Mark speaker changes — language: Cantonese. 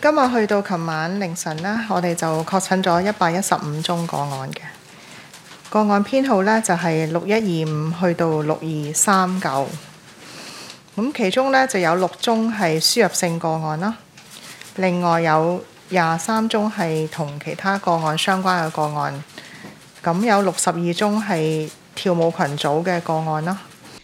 Speaker 1: 今日去到琴晚凌晨啦，我哋就確診咗一百一十五宗個案嘅個案編號咧，就係六一二五去到六二三九。咁其中咧就有六宗係輸入性個案啦，另外有廿三宗係同其他個案相關嘅個案，咁有六十二宗係跳舞群組嘅個案啦。